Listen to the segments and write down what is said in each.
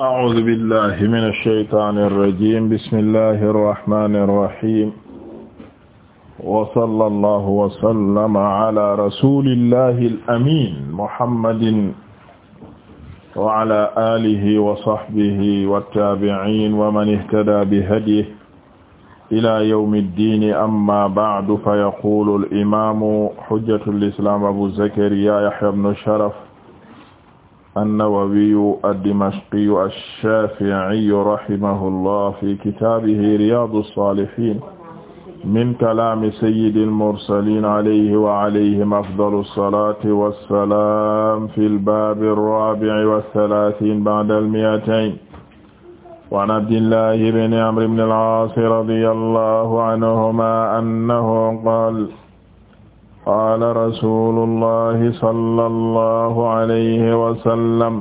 أعوذ بالله من الشيطان الرجيم بسم الله الرحمن الرحيم وصلى الله وسلم على رسول الله الأمين محمد وعلى آله وصحبه والتابعين ومن اهتدى بهديه إلى يوم الدين أما بعد فيقول الإمام حجة الإسلام أبو زكريا يحيى بن شرف annawawiyu addimashqiyu alshafiiyu rahimahu llah fi kitaabihi riyadu alsalihin min kalaami sayyidi almursalin alayhi wa alayhim afdalu alsalati wassalam fi lbaabi alrabi'i walthalaathiin ba'da almi'atayn wa an abdillahi bni amri bni al-aas radiyallahu anhuma annahu qaala qaala rasulullahi sallallahu alayhi wa sallam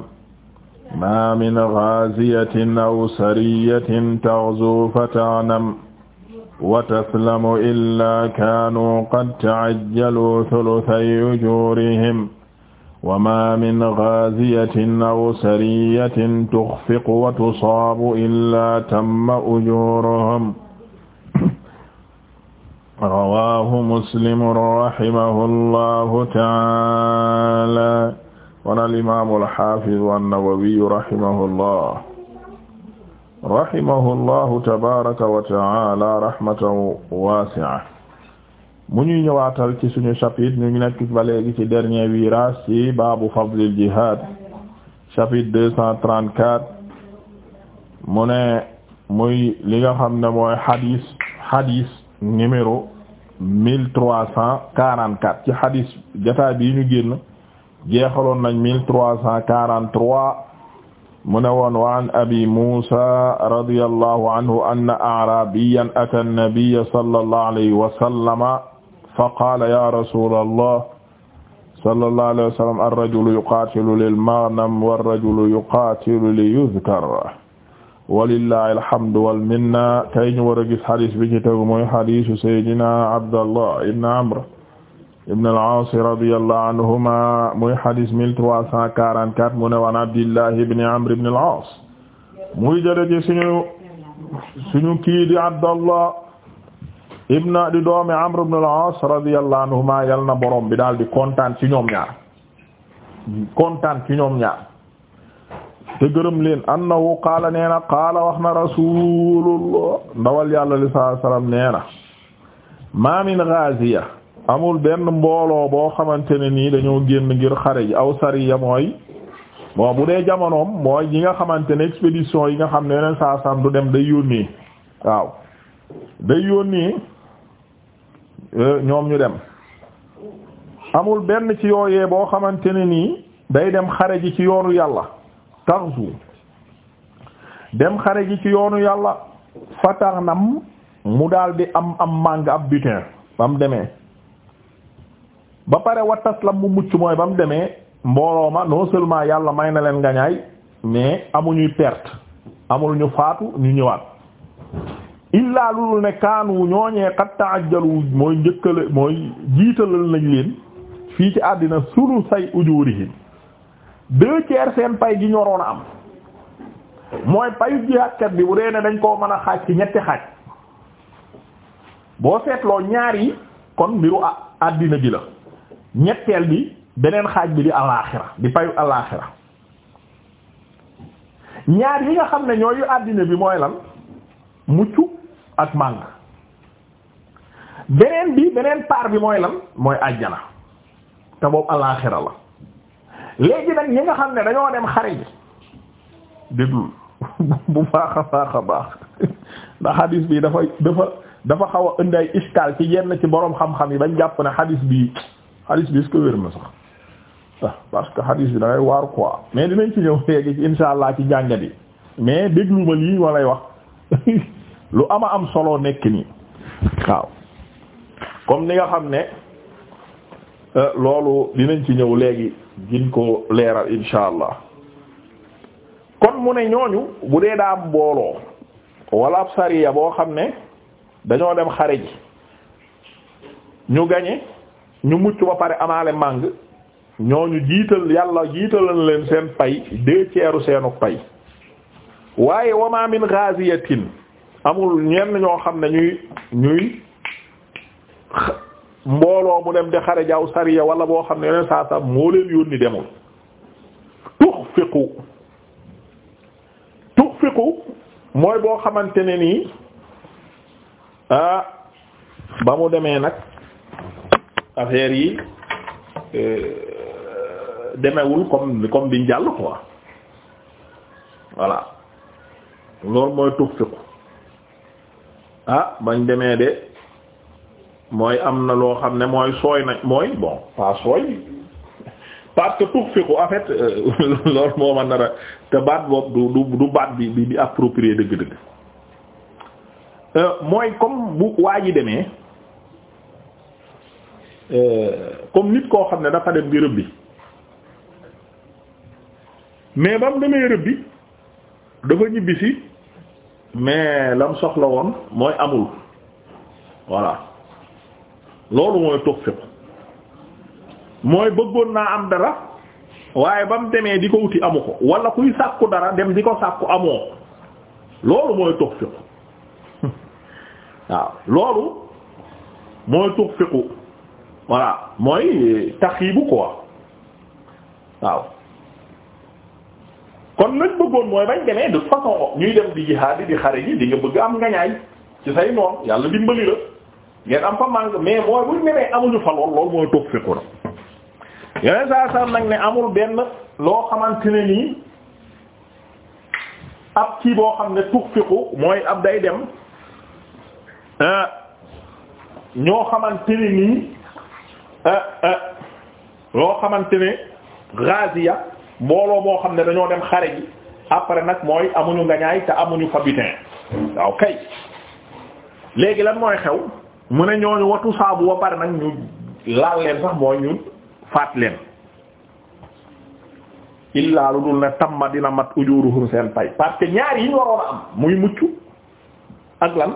maa min gaaziyatin aw sariyatin taghzuu fata'nam wa taslamu illaa kaanuu qad ta'ajjaluu thuluthay ujuurihim wa maa min gaaziyatin aw sariyatin tukhfiqu wa tusaabu illaa tamma ujuuruhum rawaahu muslim rahimahullahu taala wana alimaamu alxaafidu annawawiyu rahimahullah rahimahullahu tabaaraka wa taala rahmatan waasi'a mu ñuy ñëwaatal ci suñu chapitre ñu ngi nekk ba léegi ci dernier virage ci baabu fadlil jihaad chapitre deux cent trente quatre mu ne muy li nga xam ne mooy hadis hadis numéro mille trois cent quarante quatre ci hadis jataay bii ñu génn jeexaloon nañ mille trois cent quarante trois mu ne woon wa an abi musa radiyallahu anhu anna a'rabiyan ata an-nabiyya sallallahu alayhi wa sallama fa qaala ya rasulallah sallallahu alayhi wa sallam ar-rajulu yuqatilu lil-maghnam war-rajulu yuqatilu li-yuzkar walillahi alhamdu wal minna tey ñu a gis xadis bi ci tegu mooy xadisu saydina abdallah ibn amr ibn al-aas radiyallahu anhuma muy xadis mille trois cent wan abdillah ibn amr ibn al-aas muy jële ci suñu abdallah ibn di ibn al-aas radiyallahu anhuma yal borom bi daal di kontaan ci ñoom ñaar te gërëm leen annahu qaala nee qaala wax na rasulullah ndawal yàlla li saa salaam nee na ma amul benn mbooloo boo xamante ne nii dañoo génn ngir xare ji aw sariya mooy bon bu dee jamonoom mooy ñi nga xamante ne expédition yi nga xam ne yeneen saa salaam du dem day yónnee waaw day yónnee e, ñoom ñu dem amul benn ci yooyee boo xamante ne nii day dem xare ji ci yoonu yàlla taxzu dem xare ji ci yoonu yàlla fatarnam mu daal di am am màng am butin ba mu demee ba pare wa taslam mu mucc mooy ba mu demee mbooloo ma non seulement yàlla may na leen ngañaay mais amuñuy perte amul ñu faatu ñu ñëwaat illaa lulul ne kaanu ñooñee xat ta'ajjalu mooy njëkkale mooy jiitalal nañ leen fii ci àddina sulu say ujurihim deux tiers seen pay gi ñoroon a am mooy payu jihaatkat bi bu dee ne dañ koo mën a xaaj ci ñetti xaaj boo seetloo ñaar yi kon mbiru àddina bi la ñetteel bi beneen xaaj bi di alaaxira di payu alaaxira ñaar yi nga xam ne ñooyu àddina bi mooy lan mucc ak màng beneen bi beneen part bi mooy lan mooy àjjana te boobu alaaxira la léegi nag ñi nga xam ne dañoo dem xare ji déglul bu baax a baax a baax ndax xadis bi dafa dafa dafa xaw a indi ay iskaal ci yenn ci boroom xam-xam yi bañ jàpp ne xadis bi xadis bi est-ce wér na sax ah, parce que xadis bi da waar waaru quoi mais dinañ ci ñëw léegi ci insha allah ci njàngat yi mais déglu ma lii ma wax lu ama am solo nekk nii waaw comme ni nga xam ne. Euh, loolu dinañ ci ñëw léegi gin ko leeral insha allah kon mu ne ñooñu bu dee daa mbooloo wala ab sariya boo xam ne dañoo dem xare ji ñu gañe ñu mucc ba pare amaale màng ñooñu jiital yàlla jiitalal leen seen pay deux tiers seenu pay waaye wama min ghaziyatin amul ñenn ñoo xam ne ñuy ñuy mbooloo mu dem di xare jaaw sariya wala boo xam ne yeneen saa saa moo leen yónni demul tuxfiqu tuxfiqu mooy boo xamante ne nii ah ba mu demee nag affaire yi euh, demewul comme comme biñ jàll quoi voilà loolu mooy tuxfiqu ah bañ demee de mooy am na loo xam ne mooy sooy na mooy bon pas sooy parce que tuxfiqu en fait euh, loolu moo ma nar a te baat boobu du du baat bi bi bi approprié dëgg-dëgg euh, mooy comme bu waa ji demee euh, comme nit koo xam ne dafa dem bi rëbbi mais ba mu demee rëbbi dafa ñibbisi mais lam soxla woon mooy amul voilà loolu mooy tuxfiqu mooy bëggoon naa am dara waaye ba mu demee di ko wuti amu ko wala kuy sàkku dara dem di ko sàkku amoo loolu mooy tuxfiqu waaw loolu mooy tuxfiqu voilà mooy taxiibu waaw kon nag bëggoon mooy bañ demee de façon ñuy dem di jihaad di xare ji di nga bëgg am ngañaay ci say noon yàlla dimbali la ngeen am fa màng mais mooy buñ demee amuñu fa lool loolu mooy toog fiqu na yeneen saa saa nag ne amul benn loo xamante ne nii ab kii boo xam ne tuux mooy ab day dem ah, ñoo xamante ne nii ah, ah, loo xamante ne ghaziya mbooloo boo xam ne dañoo dem xare ji après nag mooy amuñu ngañaay te amuñu fa butin waaw kay léegi lan mooy xew mu ne ñooñu watu saabu ba pare nag ñu laal leen sax mooy ñu faat leen illaa lu dul ne ma dina mat ujuruhum seen pay parce que ñaar yi ñu waroon a am muy mucc ak lan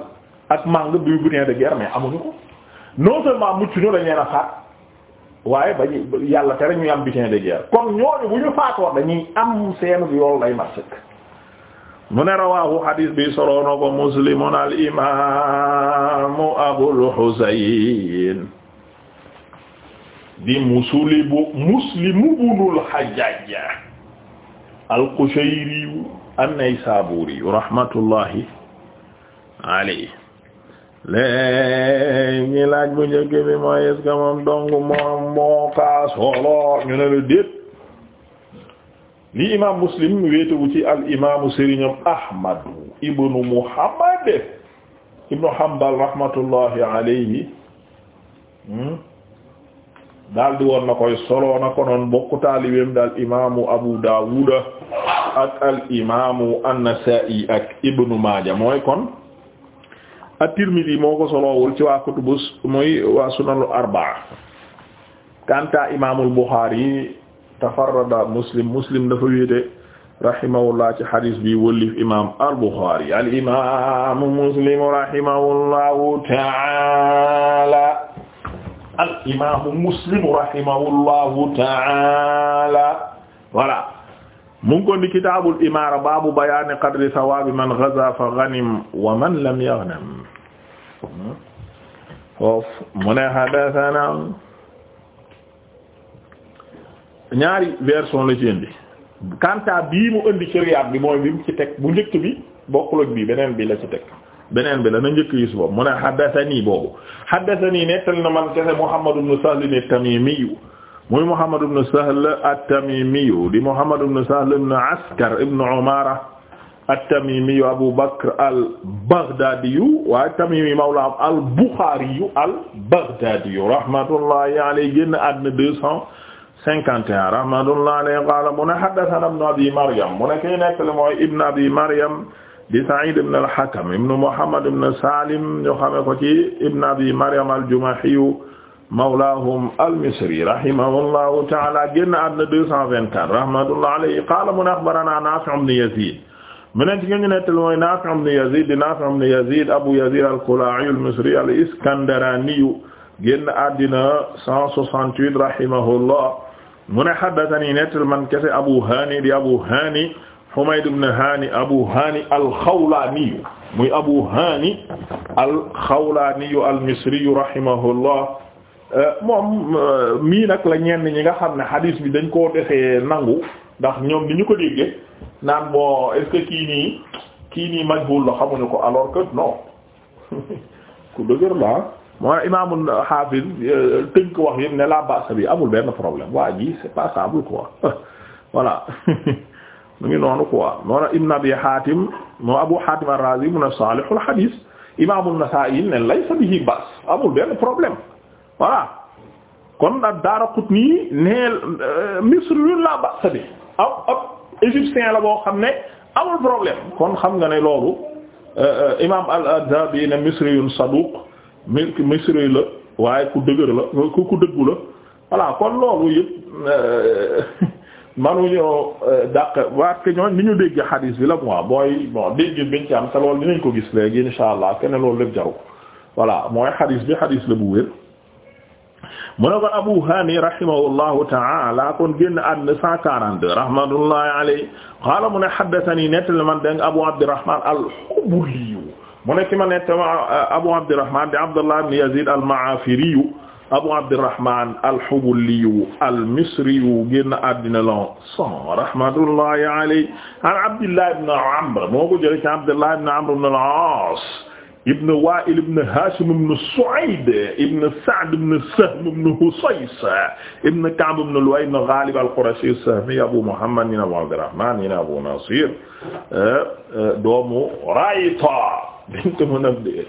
ak manque du butin de guerre mais amuñu ko non seulement mucc ñu dañ leen faat waaye ba yàlla tere ñuy am butin de guerre kon ñooñu bu ñu faatoon dañuy am seen yool lay mat mu ne rawaahu hadis bi solo na ko muslimun al imaamu abul husayn di musulibu muslimu bunul hajjaj al qushayri an-naysaburi rahmatullahi alayhi léegi laaj bu njëkk bi mooy est-ce moom dong moom moo solo ñu ne lu déet li imam muslim wéetewu ci al imamu sëriñam ahmadu ibnu muhammad ibnu hanbal rahmatullahi alayhi hmm? daal di woon koy solo na ko noon bokku taalibeem Abu Dawud ak al imaamu an ak Ibnu Maaja mooy kon at moo ko solowul ci waa kutubus mooy waa sunanul arbaa kanta imaamul Bukhari tafarrada muslim muslim dafa wéete rahimahullah ci hadis bi wëllif imam al-Bukhari al-imam muslim rahimahullahu ta'ala al-imam muslim rahimahullahu ta'ala voilà mu ngi ko di kitaabul imaara baabu bayaani qadri sawaabi man ghaza fa ghanim wa man lam yaghnam foofu mu ne hadathana ñaari version la ci indi kanta bii mu indi ci riyaat bi mooy bi mu ci teg bu njëkk bi bokkul ak bii beneen bi la ci teg beneen bi la na njëkk yi su boobu mu ne haddathanii boobu haddathanii nettali na man kese Muhammad ibn Sahl at-Tamimi muy Muhammad ibn Sahl at-Tamimi di Muhammad ibn Sahl ibn Askar ibn Umara at-Tamimi Abu Bakr al-Baghdadi wa at-Tamimi mawla al-Bukhari al-Baghdadi rahmatullahi alayhi génn àddina cinquante et un rahmatullah alayhi qala mu ne haddathana ibn abi maryam mu ne kii nekk le mooy ibn abi maryam di sa'id ibn al-hakam ibn muhammad ibn salim ñu xame ko ci ibn abi maryam al-jumahi mawlahum al-misri rahimahullahu ta'ala génn àdduna deux cent vingt-quatre rahmatullah alayhi qala mu ne akhbarana nafi' ibn yazid mu ne ci nga ñu nettali mooy Naafi' ibn Yaziid di Naafi' ibn Yaziid Abu Yaziid al-Kalaa'i al-Misri al-Iskandaraani génn àddina 168 rahimahullah mu ne haddathani nettal man kese Abu Hani di Abu Hani Humayd ibn Hani Abu Hani al-Khawlani muy Abu Hani al-Khawlani al-Misri rahimahullah moom mii nag la ñenn ñi nga xam ne hadis bi dañ koo defee nangu ndax ñoom ni ñu ko déggee naan moo est kii nii kii nii majhul la xamuñu ko alors que non ku dëgër la ah. moo imaamul hafiz euh, tënk wax yëpp ne la basa bi amul benn problème waa ji c'est passable quoi voilà mu ngi noonu quoi moo na ibn abi hatim moo abu hatim ar-razi mun a salihul hadith imaamul nasa'i ne laysa bihi ba's amul benn problème voilà kon ad-daraqutni ne euh, misr yun la basa bi aw ab égyptien la boo xam ne amul problème kon xam nga ne loolu euh, imam al-adhabi ne misriyun saduq mirk misri la waaye ku dëgër la ku ku dëggu la wala kon loolu yëpp euh, manuñoo euh, dàq waat que ñooñ ni ñu dégg xadiis bi la moi mooy bon dégg am te loolu dinañ ko gis léegi insha allah kenn loolu lépp jaru voilà mooy xadiis bi xadiis la bu wér mu ne ko Abu Hani rahimahullahu ta'ala kon génn àdduna 142 rahmatullahi alayhi qaala mu ne haddathani nettali man dégg Abu Abdurrahman al-Hubuli mu ne ki ma ne tama euh, Abu Abdurrahman di Abdullah ibn Yazid al-Ma'afiri Abu Abdurrahman al-Hubuli al-Misri génn àddina la son rahmatullahi alayhi an Abdullah ibn Amr moo ko jëlee ci Abdullah ibn Amr ibn al-As ibn Wa'il ibn Hashim ibn Su'ayd ibn Sa'd ibn Sahm ibn Husays ibn Ka'b ibn Lu'ay ibn Ghalib al-Qurashi as-Sahmi Abu Muhammad ibn Abd al-Rahman ibn Abu Nasir eh, doomu Rayta bint Munabbi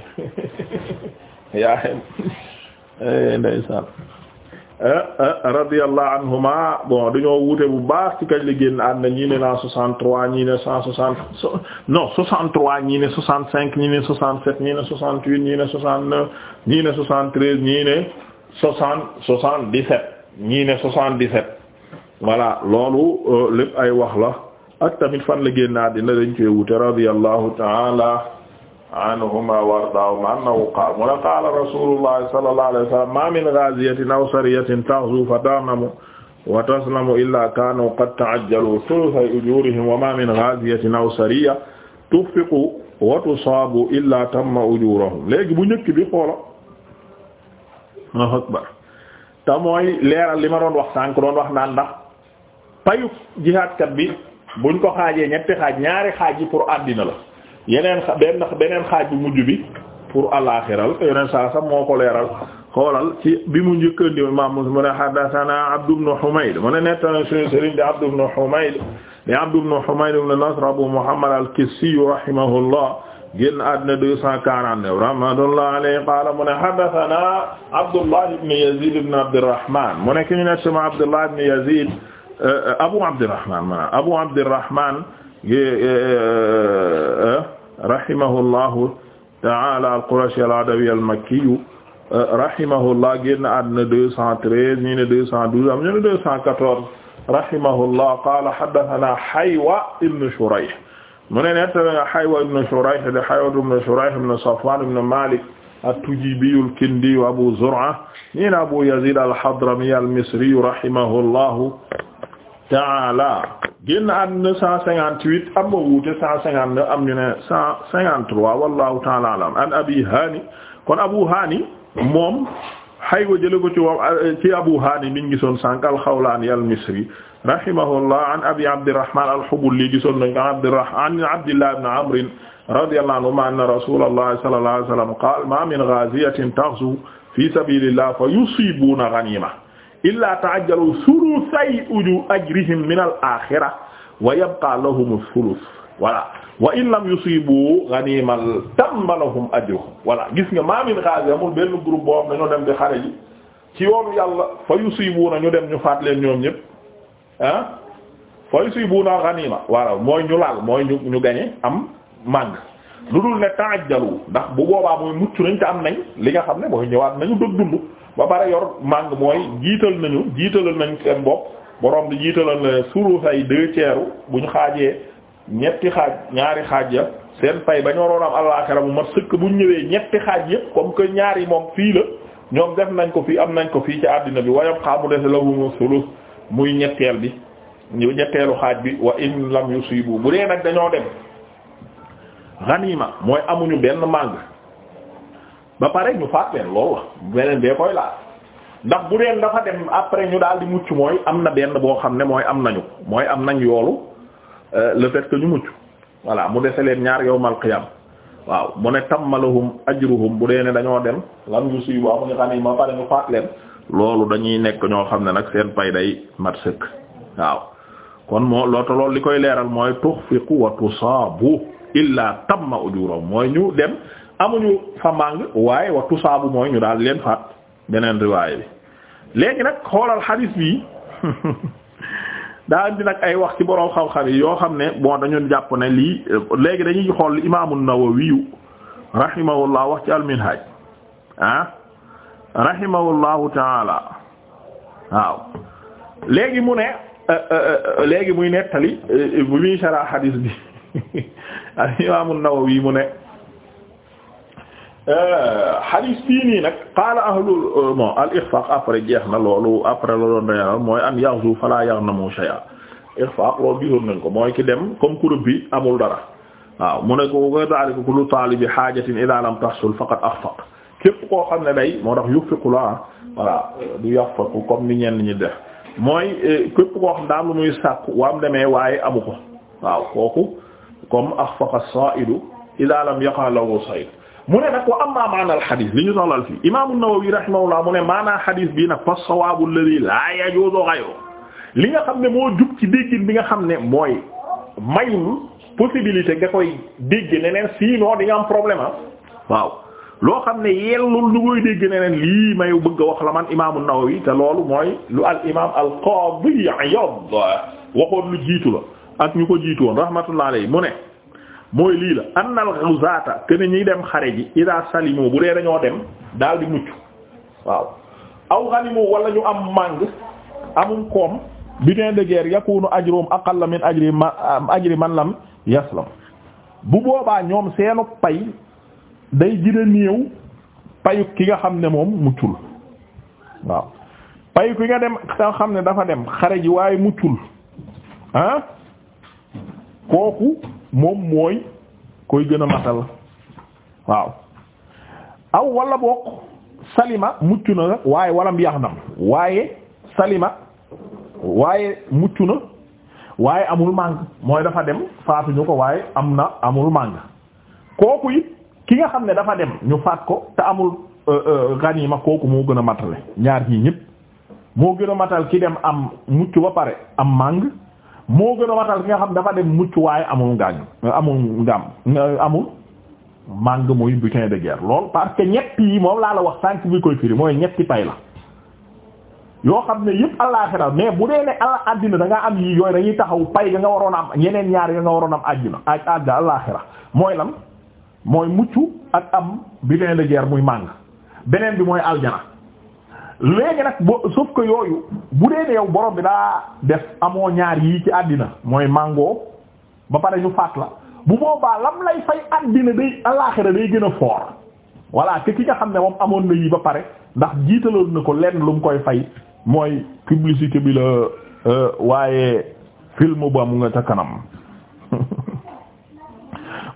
yaa eh, ndeysaan Eh, eh, radiyallahu anhuma bon dañoo wute bu baax ci kañ la génn àddina ñii ne la 63 ñii ne 160 non 63 ñii ne 65 ñii ne 67 ñii ne 68 ñii ne 69 ñii ne 73 ñii ne 60 ñii ne 77 voilà loolu euh, lépp ay wax la ak tamit fan la génn àddina dañ cee wute radiyallahu ta'ala anhuma wardaahuma annahu qaala mu ne qaala rasuulullahi sallallahu min ghaaziyatin aw sariyatin fa ta'namu wa taslamu illaa qad ta'ajjaluu thulutha ujuurihim wa ma min ghaaziyatin aw sariyya tufiqu wa tusaabu illaa tamma ujuuruhum léegi bu njëkk bi xoola te mooy leeral li ma doon wax sànk doon wax naan ndax payu jihaadkat bi buñ ko xaajee ñetti xaaj ñaari xaaj yi pour àddina yeneen benn beneen xaaj bu mujj bi pour alaaxiral yeneen saa sax moo ko leeral xoolal ci bi mu njëkkandi imam Muslim mu ne haddathana Abd ibn Humayd mu ne nettana suñu sëriñ di Abd ibn Humayd di Abd ibn Humayd ibn Nasr Abu Muhammad al-Kissi rahimahullah génn àddina 249 rahmatullahi alayhi qaala mu ne haddathana Abdullah ibn Yazid ibn Abdirrahman mu ne ki ñu ne sama Abdullah ibn Yazid eh, eh, Abu Abdirrahman maanaam Abu Abdirrahman Eh, eh, rahimahullahu ta'ala al-Qurashi al-Adawi al-Makki eh, rahimahullah génn àddina deux cent treize ñii ne deux cent douze am ñu ne deux cent quatorze rahimahullah qaala haddathana Haywa ibn Shurayh mu ne nettana Haywa ibn Shurayh de Haywa ibn Shurayh ibn Safwan ibn Malik at-Tujibi al-Kindi wa Abu Zur'a ñii ne Abu Yazid al-Hadrami al-Misri rahimahullah taala génn àdduna cent cinquante-huit am ma wuute cent cinquante-neuf am ñu ne cent cinquante-trois wallahu taala alam an abi hani kon abu hani moom xaywa jële ko ci wa ci abu hani biñ gisoon sànq alxawlaani almisri rahimahullah an abi abdirahman alxubuli gisoon nañ ko abdirahman an abdillah ibn amr radiyallahu anhuma anna rasulullah sallallahu alayhi wa sallam qaala ma min ghaziyatin taghzu fi sabilillah fa yusibuna ghanima illaa ta'ajjalu sulusay uju ajrihim min al axira wa yabqa lahum sulus voilà wa in lam yusibu ganimal gis nga ma min ghazi amul benn groupe boo am ci yoonu yàlla fa yusibuuna ñu dem ñu faat leen ñoom ñëpp ah ñu laal gañe am màng lu dul ne ta'ajjalu ndax bu boobaa mooy mucc nañ te am nañ li nga xam ne mooy ñëwaat nañu dëgg ba pare yor màng mooy jiital nañu jiital nañu seen bopp borom bi jiitalal na suru say deux tiers bu ñu xaajee ñetti xaaj ñaari xaaj ya seen fay ba ñu waroon am bu mat sëkk bu ñu ñëwee ñetti xaaj yëpp comme que ñaari moom fii la ñoom def nañ ko fii am nañ ko fii ci àddina bi wayam xaamu dese la mu sulus muy ñetteel bi ñu ñetteelu xaaj bi wa in lam yusibu bu dee nag dañoo dem ganima mooy amuñu benn màng ba pare ñu faat leen loolu la beneen bee koy laal ndax bu deen dafa dem après ñu daal di mucc mooy am na benn boo xam ne mooy am nañu mooy am nañ yoolu euh, le fait que ñu mucc voilà mu dese leen ñaar yawmal qiyam waaw mu ne tammalahum ajruhum bu dee ne dañoo dem lan gu siy waaw mu nga xam ne loolu dañuy nekk ñoo xam ne nag seen pay day mat sëkk waaw kon moo loota loolu li koy leeral mooy tuxfiqu wa tusaabu illa tamma ujurum mooy ñu dem amuñu fa màng waaye wa tusaabu mooy ñu daal leen faat beneen riwaay bi léegi nag xoolal xadiis bi daal indi nag ay wax ci boroom xam-xam yi yoo xam ne moo dañu jàpp ne lii léegi dañuy xool imaamu Nawawi rahimahullah wax ci al-Minhaj ah rahimahullahu taala waaw léegi mu ne euh, euh, euh, léegi muy nettali bu muy sara xadiis bi al imaamu Nawawi mu ne xadis euh, fii nii nag qaala ahlul euh, après jeex na loolu après la doon dañu mooy an yaxzu fala yaxnamu shay'a ixfaaq loolu gisoon nañ ko mooy ki dem comme kurub bi amul dara waaw mu ne ko wa daalika kullu taalibi xaajatin idaa lam tahsul faqad axfaq képp koo xam ne day moo tax yufiqu la voilà du yaxfaqu comme ni ñenn ñi def mooy euh, képp koo xam daam lu muy sàkk waam demee waaye amu ko waaw kooku comme axfaqa as-saa'idu idaa lam yaqa lahu sayd mu ne nag wa amma maana alxadis li ñu soxlal fii imaamu Nawawi rahimahullah mu ne maanaa xadis bii nag fa sawaabu alladi laa yajuuzu ghayru li nga xam ne moo jub ci déggin bi nga xam ne mooy mayul possibilité nga koy dégg neneen sinon di nga am problème ah waaau loo xam ne yellul lu koy dégg neneen lii may bëgg a wax la man imaamu Nawawi te loolu mooy lu al imaam al qaadi Iyaad waxoon lu jiitu la ak ñu ko jiitu woon rahmatullah alayhi mu ne mooy lii la annal ghuzata ken ñiy dem xare ji ida salimu bu dee dañoo dem daal di mucc waaw aw ghanimu wala ñu am màng amum koom butin de guerre yakunu ajrum aqalla min ajri ajri man lam yaslam bu boobaa ñoom seenu pay day gëna néew payu ki nga xam ne moom muccul waaw payu ki nga dem nga xam ne dafa dem xare ji waaye muccul ah kooku moom mooy koy gën a matal waaw aw wala bokk salima mucc na waaye walam yaxnam waaye salima waaye mucc na waaye amul màng mooy dafa dem faatuñu ko waaye am na amul màng kooku it ki nga xam ne dafa dem ñu faat ko te amul euh, euh, ma kooku moo gën a matale ñaar ñii ñëpp moo gën a matal ki dem am mucc ba pare am màng moo gën a watal ki nga xam dafa dem mucc waaye amul ngaañ amul ngam amul màng muy butin de guerre lool parce que ñetti yi moom laa la wax sànq bi koy firi mooy ñetti pay la yoo xam ne yëpp àllaaxira mais bu dee ne ala da ngaa am yi yooyu dañuy taxaw pay ga nga waroon am ñeneen ñaari yi nga waroon am àddina ak àdd àllaaxira mooy lan mooy mucc ak am butin de guerre muy màng beneen bi mooy aljana léegi nag boo sauf yooyu bu dee ne yow borom bi daa def amoo ñaar yii ci àddina mooy màngoo ba pare ñu faat la bu boobaa lam lay fay àddina day alaaxira day gën a foor voilà te ki nga xam ne moom amoon na yi ba pare ndax jiitaloon na ko lenn lu mu koy fay mooy publicité bi la euh, waaye film ba mu nga ca kanam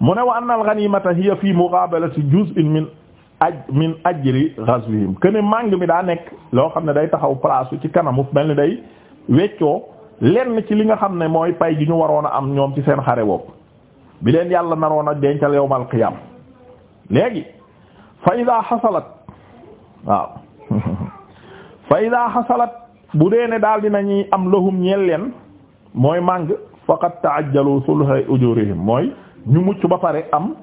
mu ne wa anna al-ghanimata hiya fi muqabalati juz'in min aj min ajri ghazwihim këne màng mi daa nekk loo xam ne day taxaw place ci kanamu mel ni day weccoo lenn ci li nga xam ne mooy pay gi ñu waroon a am ñoom ci seen xare bopp bi leen yàlla naroon a dencal yawmal qiyam léegi fa ida xasalat waaw fa bu dee ne daal dina ñuy am lahum ñeel leen mooy màng faqad ta'ajjalu sulha ujurihim mooy ñu mucc ba pare am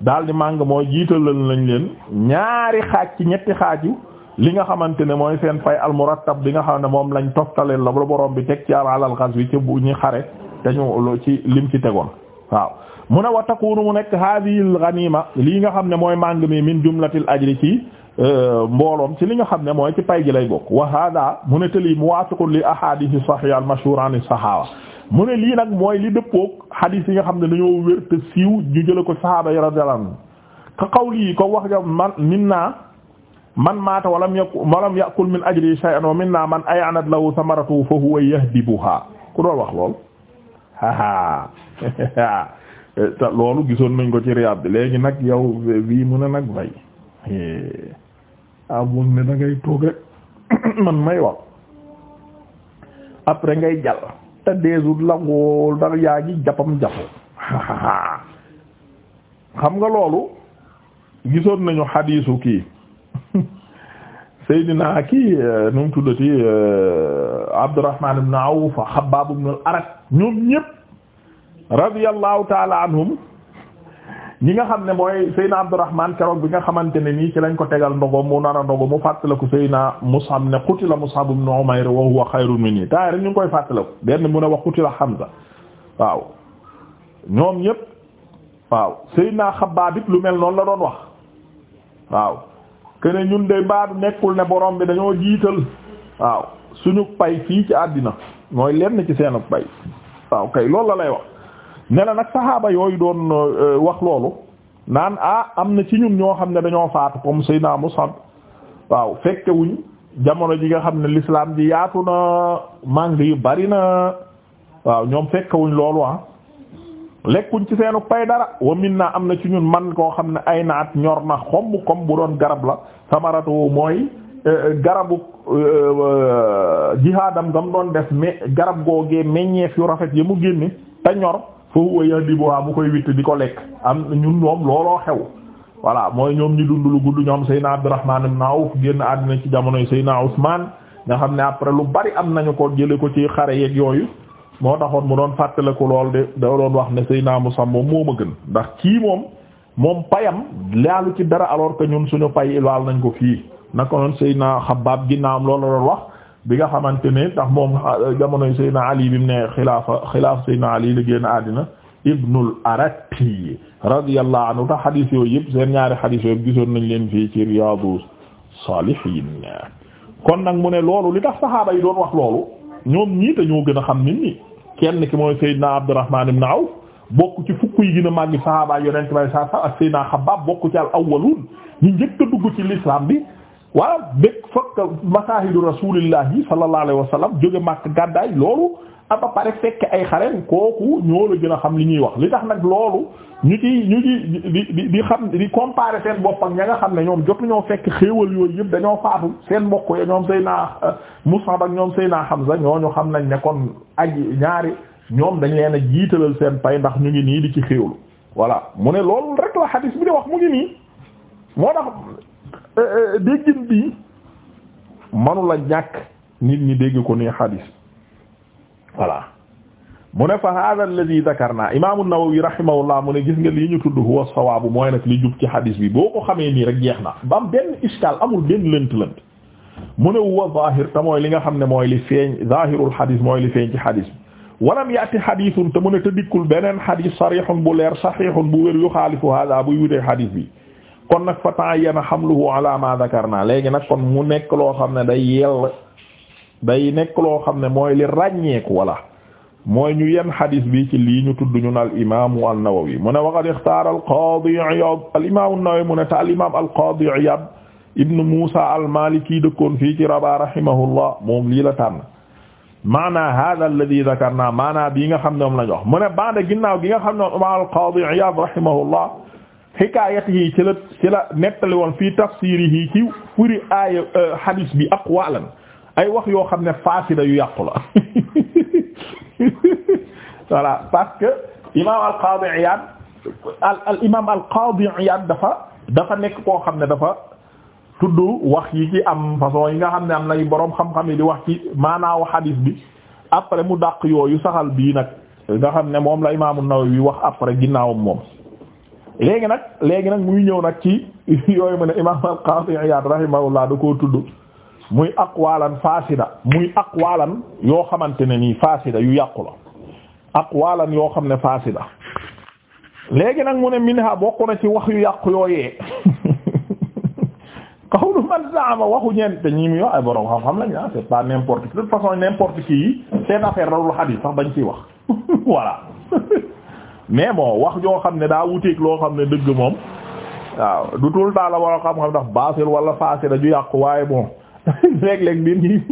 daal di màng mooy jiitalal nañ leen ñaari xaaj ci ñetti xaaju li nga xamante ne mooy seen fay almurattab bi nga xam ne moom lañ toftaleen la borom bi teg ci alal xas wi ci bu ñu xare te ñu ci lim ci tegoon waaw mu ne wa takunu mu nekk hadhihi al ghanima lii nga xam ne mooy màng mi min jumlatil ajri ci euh, mbooloom ci li nga xam ne mooy ci pay gi lay bokk wa hada mu ne mu muwafiqun li ahadithi sahiha al mashhur an mu ne lii nag mooy li dëppook xadiis yi nga xam ne dañoo wér te siiw ñu jële ko saaba yi radiyallahu anhu ka qawli ko wax man minna man maata walam yakul walam yakul min ajri shay'an wa minna man ayanat lahu samaratu fa huwa yahdibuha ku doon wax lool loolu gisoon nañ ko ci Riyad bi léegi nag yow bii mu ne nag bay a moom ne da ngay toog rek man may wax après ngay jàll te deesul la ngool ndax yaa ngi jàppam jàppo xam nga loolu gisoon nañu xadiisu kii Seydina kii nu mu tuddati Abdurrahman ibn Awf Xabbaab ibn al-Arat ñoom ñépp radiyallahu taala anhum ñi nga xam ne mooy naa Abdurrahman keroog bi nga xamante ne nii ci lañ ko tegal ndogo mu nar a ndogo mu fàttaliku Seydina Mus'ab ne qutila Mus'ab ibn Umayr wa huwa xayrun minni taay rek ñu ngi koy fàttaliku benn mu ne wax qutila Hamza waaw ñoom ñëpp waaw Seydina Xabbaab it lu mel noonu la doon wax waaw kene ñun de mbaadu nekkul ne borom bi dañoo jiital waaw suñu pay fii ci àddina mooy lenn ci seenu pay waaw kay loolu la lay wax ne nag saxaaba yooyu doon euh, wax loolu naan ah am na ci ñun ñoo xam ne dañoo faatu comme Seydina Musab waaw fekkewuñ jamono ji nga xam ne l'islam ji yaatu na mang yi bari na waaw ñoom fekkewuñ loolu ah lekkuñ ci seenu pay dara wa min naa am na ci ñun man koo xam ne ay naat ñor na xomb comme bu doon garab la samaratu mooy euh, garabu euh, jihaadam gam doon def mais garab googee meññeef yu rafet yi mu génne te ñor foofu way andi boobaa bu koy witt di ko lekk am ñun ñoom looloo xew voilà mooy ñoom ñi dund lu gudd ñoom Seydina Abdurrahman na Awf génn àddina ci jamonoy Seydina Ousmane nga xam ne après lu bari am nañu ko jële ko ci xare yeeg yooyu moo taxoon mu doon fàttaliku lool de da doon wax ne Seydina Musa moom moo ma gën ndax kii moom moom payam laalu ci dara alors que ñun suñu pay laal nañ ko fii naka noonu Seydina Xabbaab ginnaaw am loolu doon wax bi nga xamante ne ndax moom ah, euh, jamono Seydina Ali bi mu ne xilaafa xilaaf Seydina Ali la génn àddina Ibnul Arati radiyallahu anhu tax xadiis yooyu yëpp seen ñaari xadiis yooyu gisoon nañ leen fii ci Riyadus Salihin kon nag mu ne loolu li tax saxaaba yi doon wax loolu ñoom ñii te ñoo gën a xam nit ñi kenn ki mooy Seydina Abdurrahman ibn Awf bokk ci fukk yi gën a màgg saxaaba yonent bay sa sa ak Seydina Xabbaab bokk ci al awwaluun ñu njëkk a dugg ci l'islam bi waaw bëgg fokk masaahidu rasuulillahi sallallahu alayhi wa sallam jóge màkk gàddaay loolu ab ba pare fekk ay xareen kooku ñoo la gën a xam li ñuy wax li tax nag loolu ñu ci ñu ci di di xam di comparer seen bopp ak xam ne ñoom jotu ñoo fekk xéewal yooyu yëpp dañoo faatu seen mbokk ya ñoom Seydina euh, Mus'ab ak ñoom Seydina Hamza ñooñu xam nañ ne kon aji ñaari ñoom dañ leen a jiitalal seen pay ndax ñu ngi nii di ci xéewlu voilà mu ne loolu rek la xadiis bi di wax mu ngi nii moo tax déggin bi manula ñàkk nit ñi dégg ko nii xadiis voilà mu ne fa hada alladhi dhakarna imaamu Nawawi rahimahullah mu ne gis nga ñu tudd huwa sawaabu mooy nag li jub ko xamee nii rek jeex na ba am benn iskaal amul benn lënt lënt mu ne huwa zahir te li nga xam ne mooy li feeñ zahirul xadiis li feeñ ci xadiis bi walam yaati xadiisun te mu ne dikkul beneen xadiis sarihun bu leer sahihun bu wér yu xaalifu hada buy wutee xadiis bi kon nag fa ta'ayyana hamluhu ala ma dhakarna léegi nag kon mu nekk loo xam ne day yell day nekk loo xam ne mooy li ràññeeku walla mooy ñu yenn xadis bi ci lii ñu tudd ñun al imaamu an-Nawawi mu ne waqad ixtaara al qaadi Iyaad al imaamu an mu ne te al imaam al qaadi Iyaad ibn Muusa al Maaliki dëkkoon fii ci Rabaa rahimahullah moom lii la tànn maanaa haaza alladii dhakarnaa maanaa bii nga xam ne moom la ñu wax mu ne baada ginnaaw gi nga xam ne al qaadi Iyaad xikaayat yi ci la ci la nettali woon fii tafsirihi ci furi aaya euh, hadis bi aqwalan ay wax yoo xam ne faasida yu yàqu la voilà parce que imaam al qaadi Iyaad dafa dafa nekk koo xam ne dafa tudd wax yi ci am façon yi nga xam ne am nay boroom xam-xam yi di wax ci maanaaw hadis bi après mu dàq yooyu saxal bii nag nga xam ne moom la imaam an-Nawawi wax après ginnaawam moom. léegi nag léegi nag muy ñëw nag ci yooyu mu ne imam al-Qadi Iyad rahimahullah da koo tudd muy ak aqwalan fasida muy aqwalan yoo xamante ne nii fasida yu yàqu la ak aqwalan yoo xam ne fasida léegi nag mu ne minha bokk na ci wax yu yàqu yooyee qawlu man zaama waxu ñeent te ñi mu yow ay borom xam-xam lañ ah c'est pas n'importe qui de toute façon n'importe qui yi seen affaire rawul hadith sax bañ ciy wax voilà mais bon wax joo xam ne daa wuteeg loo xam ne dëgg moom waaw du tout le temps la war a xam-xam ndax baasil wala faasi la ju yàqu waaye moom léeg-léeg mbir ñi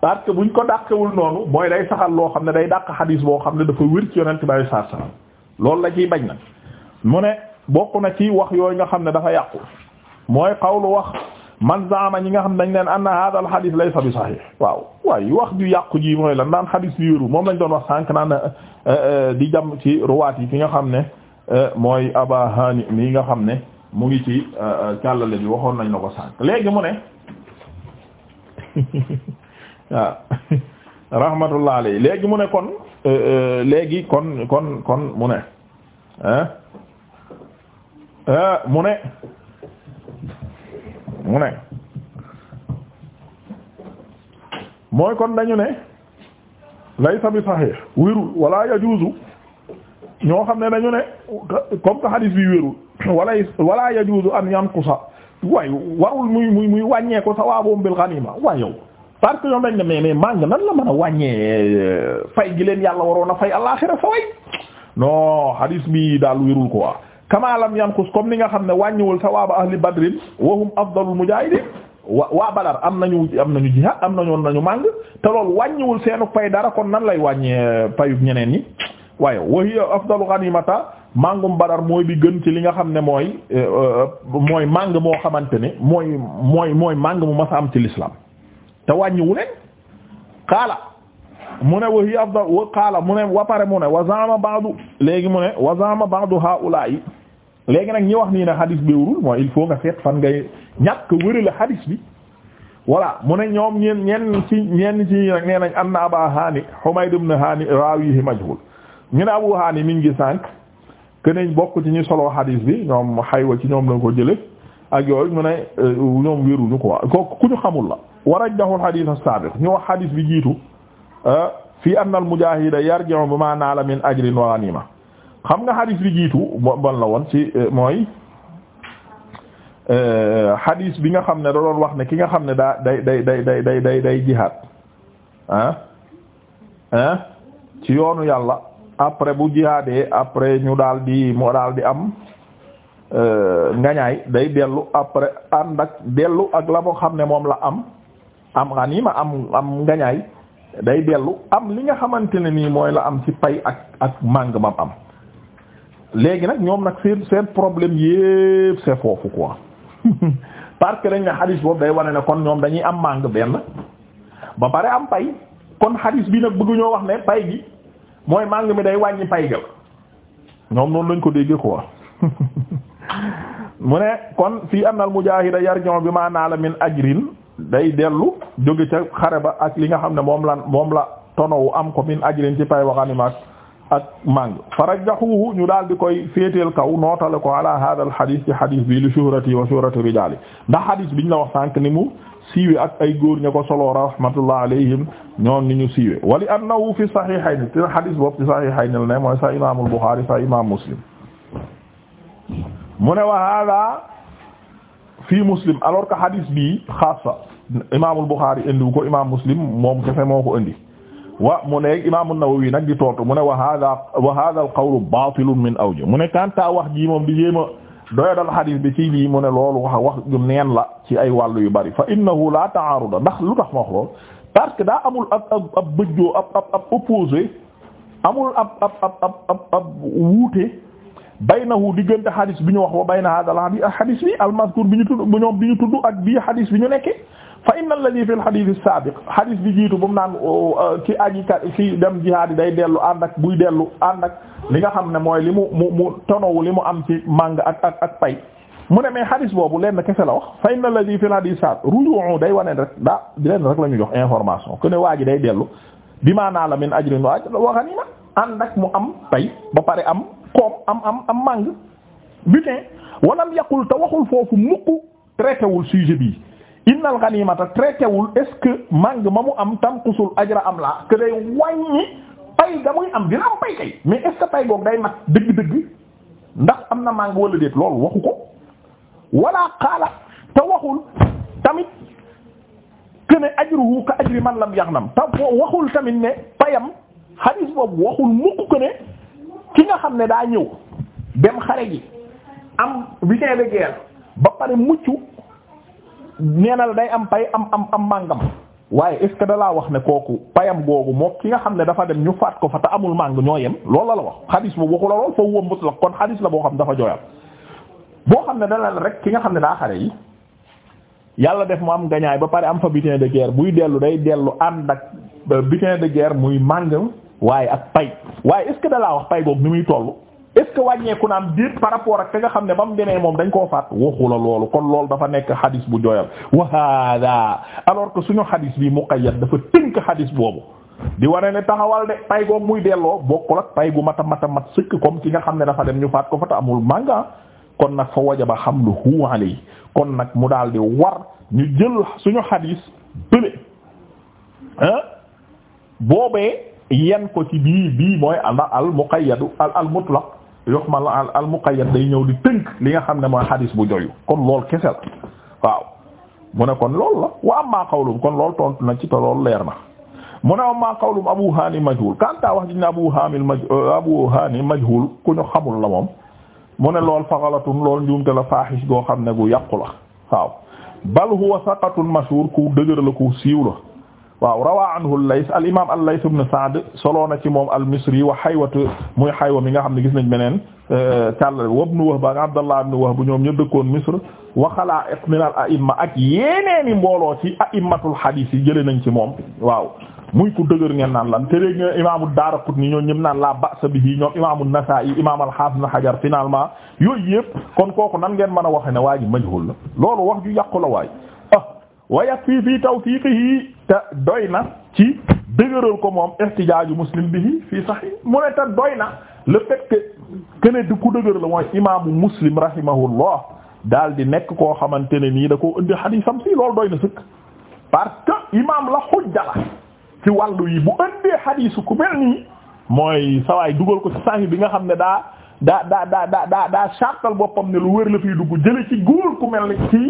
parce que buñ ko dàqewul noonu mooy day saxal loo xam ne day dàq xadiis boo xam ne dafa wér ci yonent bi saa salaam loolu la ciy bañ nag mu ne bokk na ci wax yooyu nga xam ne dafa yàqu mooy xawlu wax man zaama ñi nga xam ne dañ leen anna hada al hadith laysa bi sahih waaw waaye wax ju yàqu ji mooy lan daan hadith bi wéru moom lañ doon wax sànq naan euh, euh, di jam ci ruwaat yi ki nga xam ne euh, mooy aba hani mi nga xam ne mu ngi ci càllale bi waxoon nañ la ko sànq léegi mu ne waaw rahmatullah alayhi léegi mu ne kon léegi kon kon kon mu ne mu ne mu ne mooy kon dañu ne laysa bi sahih wérul wala yajuzu ñoo xam ne dañu ne comme que hadith bi wérul wala wala yajuzu an yanqusa waaye warul muy muy muy wàññee ko sawaabum bil ghanima waaye yow parce que ñoom dañ ne mais mais màng nan la mën a wàññee euh, fay gi leen yàlla waroon a fay àlaxira sa way non hadith bi daal wérul quoi kamaa lam comme li nga xam ne wàññiwul sawaaba ahli badrin wa hum afdalul mujaahidiin wa waa badar am nañu am na ñu jihaad am nañu nañu màng te loolu wàññiwul seenu pay dara kon nan lay wàññee euh, payub ñeneen yi waaye wa hiya afdalu ghanimata màngum badar mooy bi gën ci li nga xam ne mooy euh, euh, mooy màng moo xamante ni mooy mooy mooy màng mu masa am ci l'islam te wàññiwu leen xaala mu ne wa hiya afdal xaala mu ne wa pare mu ne wa zama ba'du léegi mu ne wa zama ba'du haula'i léegi nag ñi wax nii ne hadis bi wérul mooy il faut nga seet fan ngay ñàkk wërale hadis bi voilà mu ne ñoom ñeen ñenn ci ñenn ci nag nee nañ anna aba hani Humayd ibn hani rawihi majhul ñu ne abu hani mi ngi sànq que nañ bokk ci ñu solo hadis bi ñoom xaywa ci ñoom la ko jële ak yooyu mu ne euh, ñoom wéruñu quoi ko ku ñu xamul la war a jaxul hadis as-sabiq ñu wax hadis bi jiitu euh, fi anna al mujahida yarji'u bima nala min ajrin wa ghanima xam nga xadis bi jiitu ban la woon ci euh, mooy euh, xadis bi nga xam ne da doon wax ne ki nga xam ne daa day day day day day day day jihaad ci yoonu yàlla après bu jihaadee après ñu daal di moo daal di am euh, ngañaay day dellu après ànd ak dellu ak la moo xam ne moom la am am xaniima am am ngañaay day dellu am li nga xamante ne nii mooy la am ci pay ak ak màng mam am léegi nag ñoom nag seen seen problème yépp c'est foofu quoi parce que dañ ne xadis boobu day wane ne kon ñoom dañuy am màng benn ba pare am pay kon xadis bi nag bëgguñoo wax ne pay gi mooy màng mi day wàññi pay ga ñoom noonu lañ ko déggee quoi mu ne kon fii am na al mujaahida yarjon bi maa la min ajrin day dellu jóge ca xare ba ak li nga xam ne moom la moom la tonowu am ko min ajrin ci pay waxani maak ak mang farajjahuhu ñu daal di koy féeteel kaw nootale ko ala hada al hadith ci hadith bi li shuhrati wa shuhrati rijali ndax hadith biñ la wax sànq ni mu siiwe ak ay góor ña ko solo rahmatullah alayhim ñoon ni ñu siiwe wali annahu fi sahihayn te hadith bopp ci sahihayn la ne mooy sa imam al sa imam muslim mu ne wa hada fi muslim alors que hadith bi xaasa imam al bukhari indiwu ko imam muslim moom kefe moo ko indi wa mu ne imaamu Nawawi nag di tontu mu ne wa hada wa hada al qawlu batilun min awji mu ne kanta wax ji moom bi jéema doyadal xadis bi ci lii mu ne loolu wax wax ju neen la ci ay wàllu yu bari fa innahu la ndax lu tax ma wax lool parce daa amul ab ab ab bëjjoo ab ab ab opposé amul ab ab ab xadis bi ñu wax wa bayna hada al bi al mazkur bi ñu tudd bu ñoom bi bii xadis bi ñu nekke fa inna alladhi fi al-hadith as-sabiq hadith bi jiitu ba mu naan ci oh, oh, aji ka ci dem jihaad day dellu ànd ak buy dellu ànd ak li nga xam ne mooy li mu mu mu tonowu li mu am ci màng ak ak ak pay mu ne mais hadith boobu lenn kese la wax fa inna alladhi fi al-hadith sabiq ruju'u day wane rek daa leen rek la ñu jox information que ne waa ji day dellu bi maanaa la min ajrin wa ajr wa ghanima ak mu am pay ba pare am koom am am am màng butin walam yaqul ta waxul foofu mukk traité wul bi innal ganimata traitewul est-ce que mang ma mu am tanqusul ajra am la que day wàññi pay ga muy am dina am pay kay mais est-ce que pay goog day mat dëgg-dëgg ndax am na mang wala déet loolu waxu ko wala xaala te waxul tamit que ne ajruhu ka ajri man lam yaxnam te waxul tamit ne payam xadiis boobu waxul mukk que ki nga xam ne daa ñëw dem xare gi am butin de guerre ba pare mucc nee na la day am pay am am am màngam waaye est ce que dalaa wax ne kooku payam googu moo ki nga xam ne dafa dem ñu faat ko fa te amul màng ñoo yem loolu la la wax xalis boobu waxu la lool foofu wóom mutlaq kon xadis la boo xam dafa jooyal boo xam ne dana la rek ki nga xam ne daa xare yi yàlla def mu am gañaay ba pare am fa butin de guerre buy dellu day dellu ànd ak euh, butin de guerre muy màng waaye ak pay waaye est ce que dalaa wax pay boobu ni muy tollu est-ce que wàññeeku na am par rapport ak ka nga xam ne ba mu demee moom dañ koo faat waxu la loolu kon loolu dafa nekk xadis bu jooyal wa hada alors que suñu xadis bi muqayyad dafa tënk xadis boobu di wane ne taxawal de pay goog muy delloo bokkul ak pay gu mata mata mat sëkk comme ki nga xam ne dafa dem ñu faat ko fa amul mànga kon nag fa wajaba hamluhu alayhi kon nag mu daal di war ñu jël suñu xadis bële boobee yan ko ci bii bii mooy al muqayyadu al mutlaq yoxmal al muqayyad day ñëw di tënk li nga xam ne mooy xadis bu joyu kon lool kese la waaw mu ne kon loolu la wa amma qawlum kon loolu tontu na ci te leer na mu ne amma qawlum abu hani majhul kanta wax ji ne abu hamil maj abu hani majhul ku ñu xamul la moom mu ne lool faxalatun lool njuumte la faaxish goo xam ne gu yàqu la waaw bal huwa saqatun mashhur ku dëgër la ku siiw la waaw rawaa anhu al-Layth al-imaam al-Layth ibn Sa'd soloo na ci moom al-Misri wa xaywatu muy xaywa mi nga xam ne gis nañ beneen euh, càllale wa ibn Wahb ak Abdallah ibn bu ñoom ñu dëkkoon Misr wa xalaa'iq min al-a'imma ak yeneeni mbooloo ci a'immatul hadiis yi jëlee nañ ci moom waaw muy ku dëgër ngeen naan lan tere nga imaamu Daaraqutni ñoom ñëpp naan la ba'sa bihi ñoom imaamu Nasaa'i imaam al-Haafiz Ibn Hajar finalement yooyu yëpp kon kooku nan ngeen mën a waxe ne waa ji majhul la loolu wax ju yàqu la waay wa yakfi fii tawfiqihi te doy na ci dëgëral ko moom ihtijaaju muslim bihi fii sahih mu ne te doy na le fait que kene di ku dëgër la mooy imaamu muslim rahimahullah daal di nekk koo xamante ne nii da koo indi xadiisam si loolu doy na sëkk parce que imaam la xujja la ci wàllu yi bu indee xadiisu ku mel nii mooy sawaay dugal ko ci sahih bi nga xam ne daa daa daa daa daa daa sartal boppam ne lu wër la fiy dugg jële ci góor ku mel ni ci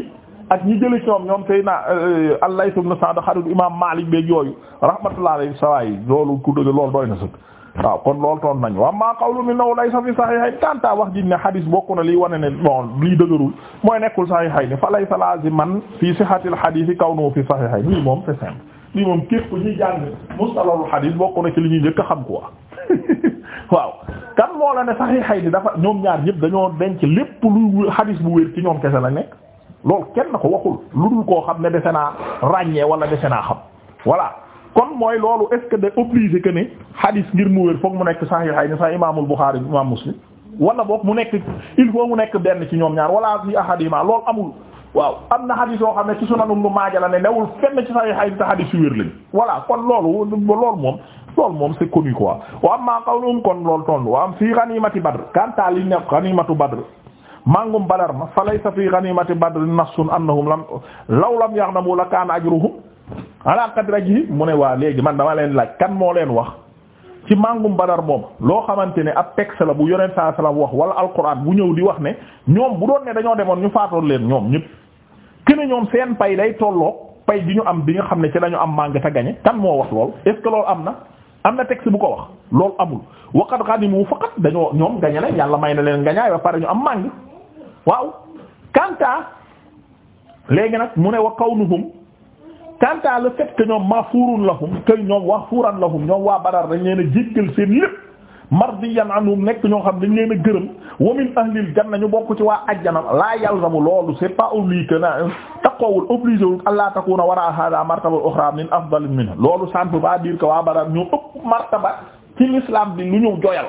ak ñi jële ci ñoom ñoom Seydina euh, euh, Al-Layth ibn Sa'd xarit imaam Maalik beeg yooyu rahmatullah alayhi sawaay loolu ku dëgg loolu doy na sëkk waaw kon loolu toon nañu wa maa qawlu mi naw laysa fi sahihayn kanta wax ji ne xadis bokku na lii wane ne bon lii dëgërul mooy nekkul sahihayn fa laysa laziman fi moom c'est simple lii ñuy jàng mustalahul na ci li ñuy njëkk a xam quoi waaw kan moo la ne sahihayn dafa ñoom ñaar ñëpp dañoo denc lépp lu hadis bu wér ci ñoom kese la nekk loolu kenn ko waxul lu dul koo xam ne defe naa ràññee wala defe naa xam voilà kon mooy loolu est-ce que day obligé que ngir mu wér foog mu nekk saxiixay ni sax imaamul Buxaari imaam Muslim wala boog mu nekk il faut mu nekk benn ci ñoom ñaar wala fi ahadima loolu amul waaw am na hadis yoo xam ne ci Sunan Ibn Maaja la ne newul fenn ci saxiixay ni te hadis yu wér lañu kon loolu loolu moom loolu moom c'est connu quoi wa o qawluhum kon loolu toll wa am fii ganimati Badr kanta li mangum badar ma fa laysa fi ghanimati badr nassun annahum lam law lam ya'lamu la kaana ajruhum ala qadri ajrihim mu ne waa léegi man dama leen laaj kan moo leen wax ci màngum badar moom loo xamante ne ab texte la bu yonent saa salaam wax wala alquran bu ñëw di wax ne ñoom bu doon ne dañoo demoon ñu faatoon leen ñoom ñëpp kenn ñoom seen pay day tolloo pay di ñu am bi nga xam ne ci lañu am màng te gañe kan moo wax lool est ce am na am na texte bu ko wax loolu amul waqad ghanimu faqat dañoo ñoom gañe la yàlla may leen gañaay ba ñu am màng waaw kanta léegi nag mu ne wa qawluhum kanta le fait que ñoom mafuurun lahum que ñoom wafuuran lahum ñoom waa Badar dañ leen a jéggal seen lépp mardiyan anhum nekk ñoo xam dañ leen a gërëm wa min ahlil janna ñu bokk ci waa ajjana laa yalzamu loolu c'est pas obligé que na taqawul obligé allah takuna wara hada martaba ukhra min afdal min loolu santu ne veut pas waa Badar ñu ëpp martaba ci l'islam bi lu ñu joyal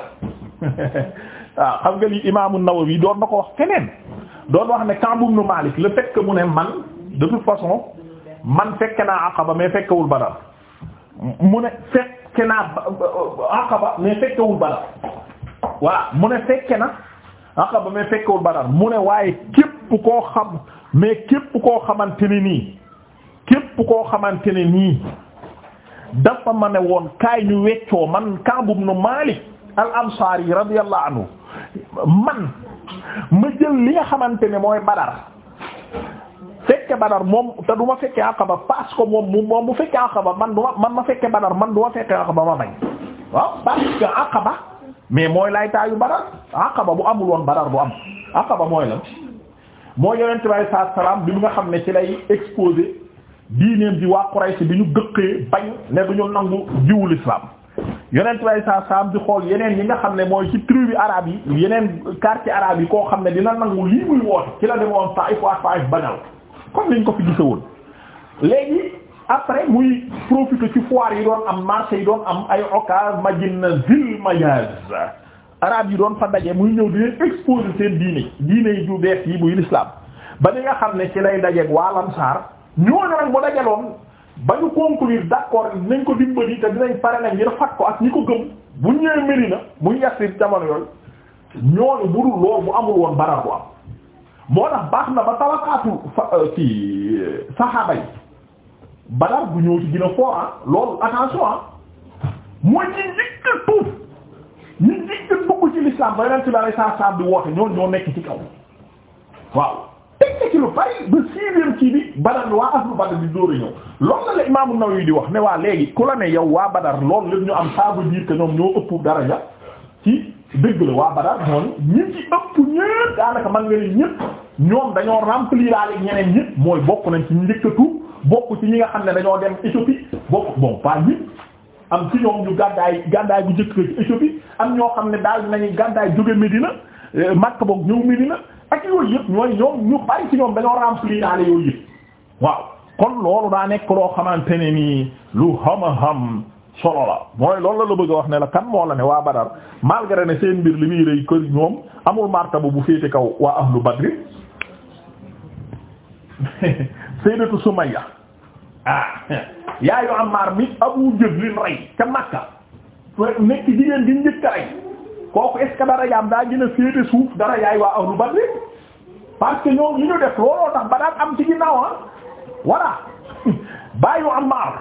waaw xam nga li imaamu Nawawi doon ma ko wax keneen doon wax ne Ka'b ibn Malik le fait mu ne man de toute façon man fekke naa Aqaba mais fekkewul Badar mu ne fekke naa Aqaba mais mu ne fekke na Aqaba mais fekkewul Badar mu ne waaye képp koo xam mais képp koo xamante ne nii képp koo xamante ne nii dafa ma ne woon kaay ñu weccoo man Ka'b nu Malik al-Ansari radiyallahu anhu man ma jël li nga xamante ne mooy badar fekke badar moom te du ma fekke Aqaba parce que moom moom bu fekke Aqaba man du ma man ma fekke badar man du ma fekke Aqaba ma bañ waaw parce que Aqaba mais mooy lay taayu badar Aqaba bu amul woon badar bu am Aqaba mooy lan mooy yonent bi saa salaam bi nga xam ne ci lay exposé diineem bi waa Quraysh bi ñu gëqee bañ ne du ñu nangu jiwu l'islam yonent way sa saam di xool yeneen yi nga xam ne mooy ci tribu araab yi yeneen quartier arabe yi koo xam ne dina nangu lii muy woote ci la demoon Taif waa Taif banal comme niñ ko fi gisa woon léegi après muy profiter ci foire yi doon am marché yi doon am ay occasion majin zil majaz arabe yi doon fa daje muy ñëw di leen exposer seen diine diine yi ju bees yi muy l'islam ba ni nga xam ne ci lay dajeeg waa Ansaar ñooñu nag bu dajaloon ba ñu conclure d'accord nañ ko dimbali te dinañ pare nag ngir fat ko ak ñi ko gëm bu ñëwee meli na muy yasir jamono yooyu ñooñu budul lool bu amul woon barar bu am moo tax baax na ba tawakaatu fa euh, ci euh, saxaaba yi barar bu ñëw ci gën a fort ah loolu attention ah mooy ñi njëkk a tuuf ñi njëkk a ci l'islam ba yeneen ci la ay bi woote ñooñu ñoo nekk ci kaw waw nekk ci lu bari ba sixième kii bi Badar waa ahlu Badar di dóor a ñëw loolu la la imaamu Nawawi di wax ne waa léegi ku la ne yow waa Badar loolu lépp ñu am ça veut dire que ñoom ñoo ëpp ci dëgg la waa Badar ñoonu ñi ci ëpp ñëpp ñoom dañoo remplir laale ñeneen ñëpp mooy bokk nañ ci njëkkatu bokk ci ñi nga xam ne dañoo dem Éthiopie bokk bon pas ñëpp am ci ñoom ñu gàddaay gàddaay bu njëkk ci Éthiopie am ñoo xam ne daal nañu gàddaay jóge Médina euh, Makka boog ñëw Médina ak yooyu yëpp ñooy ñoom ñu bari ci ñoom dañoo remplir aale yooyu yëpp waaw kon loolu daa nekk loo xamante ne nii lu xam-xam solo la mooy lool la la bëgg a wax ne la kan moo la ne waa Badar malgré ne seen mbir li muy rëy kër ñoom amul martaba bu féete kaw waa ahlu Badr Sayyidatu Sumayya ah yaayu Ammaar mi Abu Jahl ray ca Makka nekk jigéen di njëkk a rey kooku est dara jaam daa gën a féete suuf dara yaay waa ahlu badri parce que ñoom li ñu def looloo tax ba daan am ci ginnaaw ah voilà bàyyu Ammaar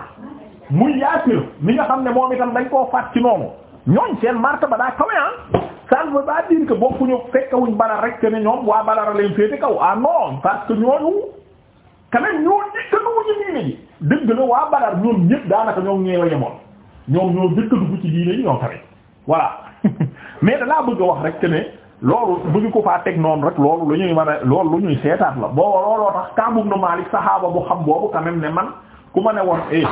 muy Yaasir mi nga xam ne moom itam dañ koo faat ci noonu ñooñ seen marta ba daa kawe ah ça ne veut pas dire que bokkuñu fekkewuñ Badar rek que a ñoom waa Badar leen féete kaw ah non parce que ñooñu quand même ñoo njëkk a dugg ji dëgg la waa Badar ñoom ñëpp daanaka ñoom ñeewa yemoon ñoom ñoo njëkk a dugg mais dalaa bëgg a wax rek que ne loolu bëgg ko faa teg noonu rek loolu lu ñuy mën a loolu lu ñuy seetaat la boo looloo tax Kaab ibn Malik saxaaba bu xam boobu quand ne man ku ma ne woon eh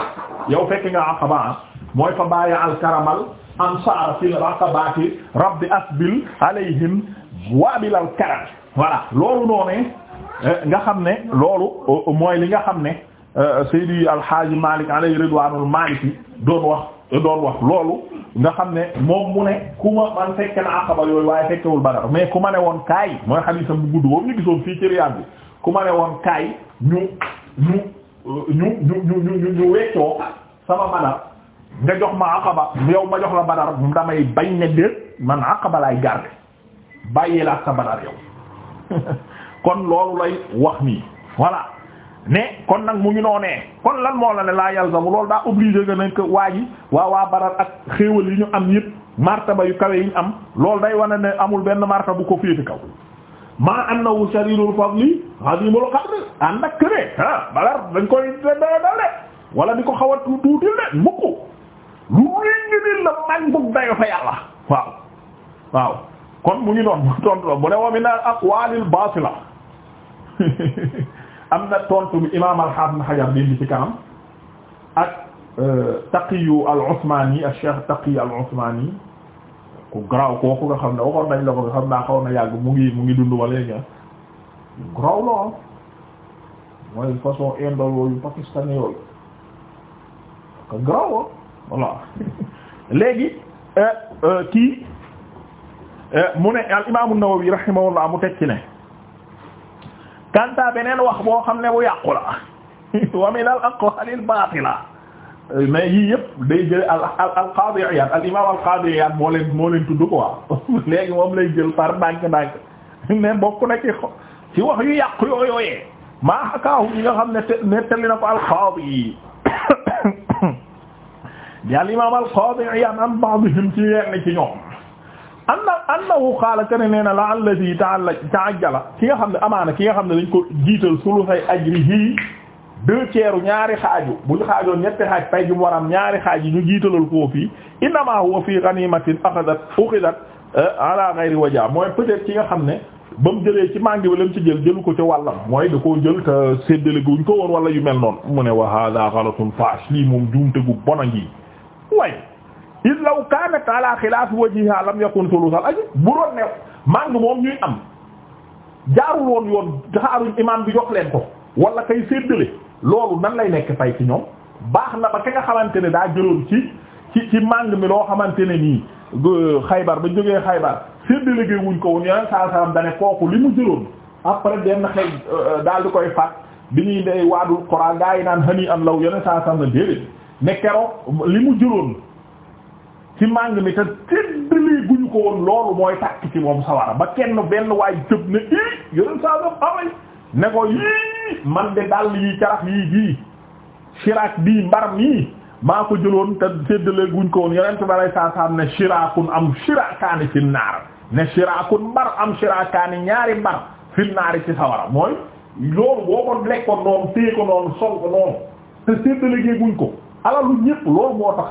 yow fekk nga Aqaba ah, mooy fa baya al karamal ansar fil raqabati rabbi asbil alayhim waabil al karam loolu noonu eh, nga xam ne loolu eh, mooy li nga xam ne eh, Seydi Al Hadji Malik alayhi ridwanul Maliki doon wax. doon wax loolu nga xam ne moom mu ne ku ma man fekk na Aqaba yooyu waaye fekkewul Badar mais ku ma ne woon kaay mooy xadiisam bu gudd boobu ñu gisoon fii ci Riyad ku ma ne woon kaay ñu ñu ñu ñu ñu ñu ñu weccoo sama Badar nga jox ma Aqaba yow ma jox la Badar damay bañ ne déet man Aqaba laay garder bàyyee la sa Badar yow kon loolu lay wax nii voilà. ne kon nag mu ngi noonee kon lan moo la ne laa yalzamu loolu daa obligé nga nañ ko waa ji waa waa baral ak xéewal yi ñu am yëpp martaba yu kawe yi ñu am loolu day wane ne amul benn martaba bu ko féete kaw maa annahu sharirul fadli azimul qadr ànd ak këne ah bala dañ koy dal de wala di ko xaw a tuutil de mukk lu léeg ngi nit la mag bug dayo fa yàlla waaw waaw kon mu ngi doon mu tontu bu ne ak min al aqwalil batila am na tontu bi imaam al-Hafiz Ibn Hajar bi kanam ak euh, Taqiyu al-Usmani al-Cheikh Taqiyu al-Usmani ku graw kooku nga xam ne waxoon nañ la ko nga xam mu ngi mu ngi dund ba léegi graw lool mooy façon indol yooyu pakistanais yooyu ka graw voilà léegi euh, euh, kii mu ne al imaamu Nawawi rahimahullah mu tekki ne kanta beneen wax boo xam ne bu yàqu la wa min al aqwal al batila mais yii yëpp day jël al al al qadi Iyad al imam al qadi Iyad moo leen moo leen tudd quoi léegi moom lay jël par ndànk ndànk mais bokk na ci ci wax yu yàqu yooyooyee maa xakaahu yi nga xam ne nettali na ko al qadi di al imam al qadi Iyad an ba'dihim ci yenn ci ñoom anna annahu qaala kana nee na la alladi ta'ajjala ki nga xam ne amaana ki nga xam ne dañ ko jiital sulusay ajrihi deux tiers ñaari xaaju bu ñu xaajoon ñetti xaaj pay gi mu waram ñaari xaaj yi ñu jiitalal koo fii innama huwa fi ghanimatin akhadat ukhidat eh, ala ghayri wajha mooy peut-être ki nga xam ne ba mu jëlee ci mangi ba lam ci jël jëlu ko ci wàllam mooy da koo jël te séddale guñ ko woon wala yu mel noon mu ne wa hadha ghalatun lii moom juumte gu bon a il law kanat ala xilaaf wajhiha lam yakun sulusal ajr bu doon ne màng moom ñuy am jaarul woon yoon jaxaaruñ imaam bi jox leen ko wala kay séddale loolu nan lay nekk fay ci ñoom baax na ba ki nga xamante ne daa jëloon ci ci ci màng mi loo xamante ne nii xaybar ba jógee xaybar séddale gi wuñ ko woon yeneen saa salaam da ne kooku li mu jëloon après benn xëy euh, daal di koy faat bi ñuy day waadul Quraan yi naan xëy na am law yeneen saa salaam la déedéet li mu jëloon. ci màng mi te séddale guñu ko woon loolu mooy tàkk ci moom sawara ba kenn benn waay jëb ne i yoneen saasam amay ne ko yii man de dàll yi carax yii bii shiraak bii mbar mii maa ko jëloon te séddale guñ ko woon yonent ba lay saasaam ne shiraakun am shiraakaani fi ne shiraakun mbar am shiraakaani ñaari mbar fi ci sawara mooy loolu boo lekkoon noonu téye ko noonu sol ko noonu te séddale guñ ko alalu ñëpp loolu moo tax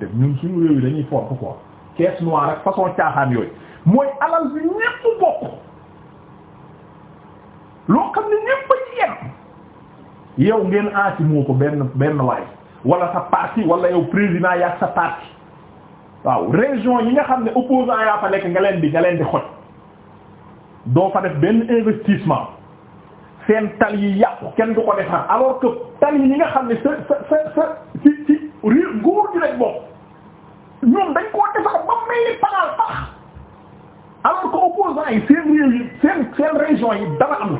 te ñun suñu réew yi dañuy fonk quoi caisse noire ak façon caaxaan yooyu mooy alal bi ñëpp bokk loo xam ne ñëpp a ci yem yow ngeen aati moo ko benn benn waay wala sa parti wala yow président yaa sa parti waaw région yi nga xam ne opposant yaa fa nekk nga leen di nga leen di xoj doo fa def benn investissement seen tal yi kenn du ko defar alors que tal yi ñi nga xam ne sa sa sa sa ci ci réer góor gi lañ bokk ñoom dañ koo defar ba mel ni panaal alors que opposants yi seen réew yi seen seen région yi dara am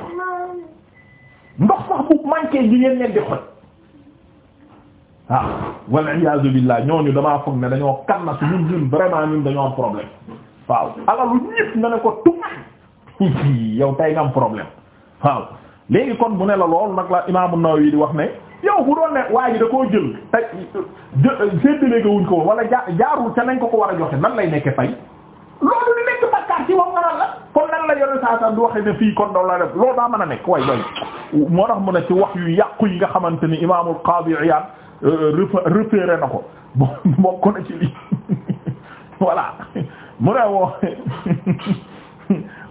ndox sax bu manqué jigéen leen di xoj waaw wal iyaazu billah ñooñu damaa foog ne dañoo kanna su ñun ñun vraiment ñun dañoo am problème waaw alalu ñëpp na ne ko tug yow tay nga problème waaw léegi kon mu ne la loolu nag la imaamu Nawawi di wax ne yow bu doon ne waa da koo jël te euh, séddale wuñ ko wala ja jaarul te nañ ko ko war a joxe nan lay nekke fay loolu di nekk bakkaar ci moom nga naan la kon nan la yore saa saa du ne fii kon doon la def loolu daa mën a nekk way doy moo tax mu ne ci wax yu yàqu yi nga xamante ni imaamul Qaadi Iyaad euh, euh, repéré na ko bokk na ci lii voilà mu ne woo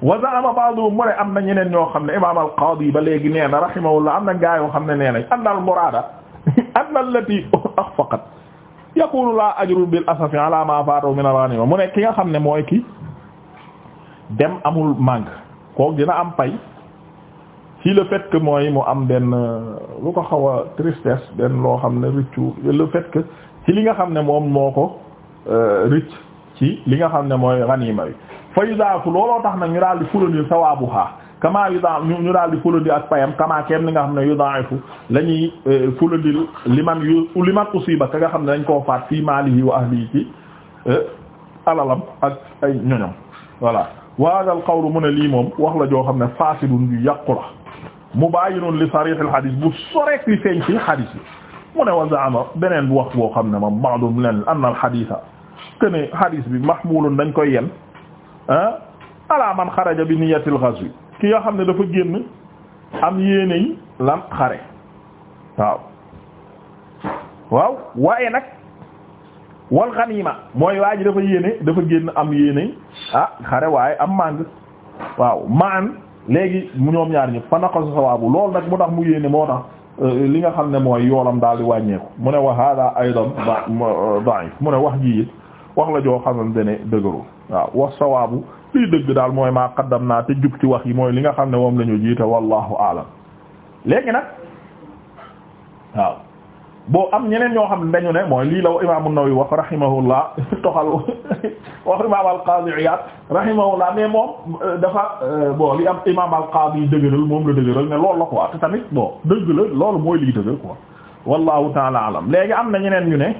wa zaama ba'duhum am na ñeneen ñoo xam ne imaam al-qaadi ba léegi nee na rahimahullah am na gaa yoo xam ne nee nañ anna al-muraada anna allati axfaqat yaqulu laa ajru bil asafi ala ma faatahu al-ghanima mu ne ki nga xam ne mooy ki dem amul màng kooku dina am pay ci le fait que mooy mu am benn lu ko xaw a tristesse benn loo xam ne rëccu le fait que ci li nga xam ne moom moo ko euh, rëcc ci li nga xam ne mooy ganiima bi fa yudaafu looloo tax nag ñu daal di fulandi sawaabuha kama yuda ñu daal di fulandi ak payam kama keem li nga xam ne yudaafu la ñuy eh, fulandi li man yu li man usiba ka nga xam ne dañ koo faat fii maalihi wa ahlihi ci eh, alalam ak ay ñoñom voilà wa hada al qawlu mu ne lii moom wax la joo xam ne fasidun yu yàqu la mubaayinun li sarih al hadith bu soreek li feeñ ci hadith yi mu ne wa zaama beneen wax boo xam ne moom ba'dum len anna al haditha kene hadith bi mahmulun dañ koy yen ah ala man xaraja bi niyatil bi ki nga xam ne dafa génn am yéene yi lan xare waaw waaye nag wal ganima mooy waaj ji dafa yéene dafa génn am yéene ah xare waaye am màng waaw maan léegi mu ñoom ñaar ñëpp fa naqasu sawaabu loolu nag mu tax mu yéene moo tax euh, li nga xam ne mooy yoonam daal di wàññeeku mu ne wa hada aidan da'if mu ne wax ji it wax la joo xamante ne dëgërul waaw wax sawaabu lii dëgg daal mooy maa qaddam naa te jub ci wax yi mooy li nga xam ne moom lañu ñu jiite wallahu alam léegi nag waaw boo am ñeneen ñoo xam ne dañu ne mooy lii la imaam an-Nawawi wax rahimahullah toxal wax imaam al-Qaadi Iyaad rahimahullah moom euh, dafa euh, bon li am imaam al-Qaadi dëgëral moom la dëgëral ne loolu la quoi te tamit bon dëgg la loolu mooy lii dëgg quoi wallahu taala alam léegi am na ñeneen ñu ne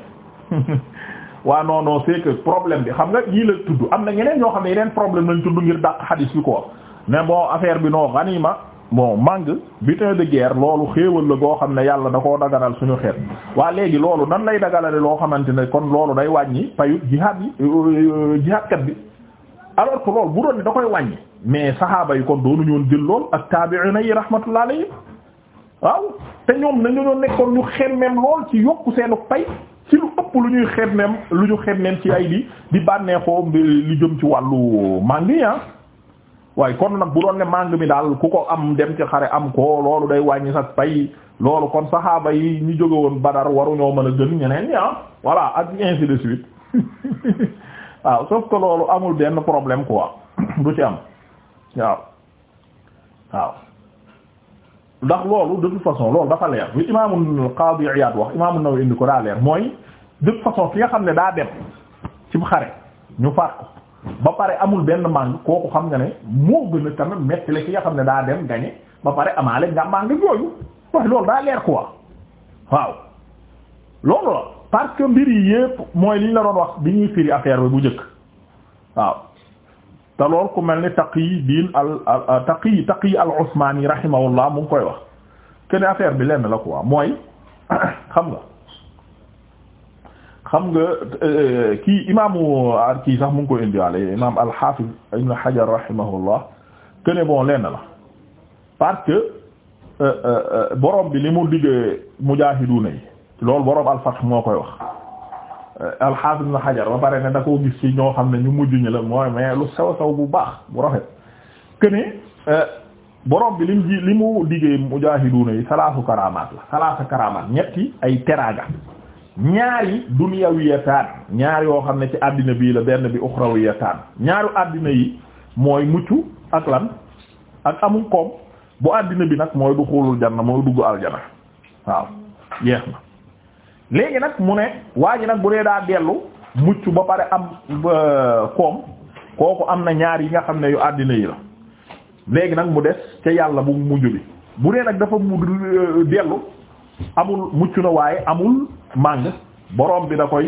waa non non problème bi xam nga yii la tudd am na ñeneen ñoo xam ne yeneen problème lañ tudd ngir dàq xadis bi quoi mais bon affaire bi non ganima bon mangue butin de guerre loolu xéewal la goo xam ne yàlla da koo daganal suñu xeet waa léegi loolu nan lay dagalale loo xamante ne kon loolu day wàññi payu jihaad yi euh, euh, jihaadkat bi alors que loolu bu doon da koy wàññi mais saxaaba yi kon doonuñu woon jël lool ak taabi'ina yi rahmatullah alayhi waaw te ñoom nañu doon nekkoon ñu xemmem lool ci yokku seenu pay ci lu ëpp lu ñuy xeeb même lu ñu xeeb même ci ay di di bànneexoo lu jëm ci wàllu màng yi ah waaye kon nag bu doon ne màng mi daal ku ko am dem ci xare am ko loolu day wàññi sax pay loolu kon saxaaba yi ñu jóge woon Badar waruñoo mën a gën ñeneen ñi ah voilà ak ainsi de suite waaw sauf que loolu amul benn problème quoi du ci am waaw waaw ndax loolu de toute façon loolu dafa leer li imaamul Qaadi wax imaamu Nawawi indi ko daa leer mooy de toute façon ki nga xam ne daa dem ci xare ñu faat ko ba pare amul benn màng kooku xam nga ne moo gën a tamit metti la nga xam ne daa dem gañe ba pare amaale nga màng yooyu waaye loolu daa leer quoi waaw loolu la parce mbir yi yépp mooy li ñu la doon wax bi ñuy firi affaire bi bu njëkk waaw te lool ku mel ni Taqi diin al Taqi Taqi al Usmani rahimahullah mu ngi koy wax kenn affaire bi leen la quoi mooy xam nga xam nga euh, kii imaamu ar kii sax mu ngi koy indiwaale imaam al-Hafiz Ibn Hajar rahimahullah kenn bon lenn la parce que euh, euh, bi li mu diggee mujaahiduuna yi loolu borom al-Fath moo koy wax. Euh, alxaafis na xajar ba pare ne da koo gis ci ñoo xam ne ñu mujj ñu la mooy mais lu sew sew bu baax bu rafet que euh, borom bi lim ji li mu diggee mujaahiduuna yi salaasu karamaat la salaasa karamaat ñetti ay teraanga ñaari dunyawiyataan ñaar yoo xam ne ci àddina bii la benn bi uxrawiyataan ñaaru àddina yi mooy mucc ak lan ak amul koom bu àddina bi nag mooy du xulul janna mooy dugg aljana waaw jeex na léegi nag mu ne waa ji nag bu dee daa dellu mucc ba pare am koom kooku am na ñaar yi nga xam ne yu àddina yi la léegi nag mu des ca yàlla bu mujj bi bu dee nag dafa mu euh, dellu amul mucc na waaye amul màng borom bi da koy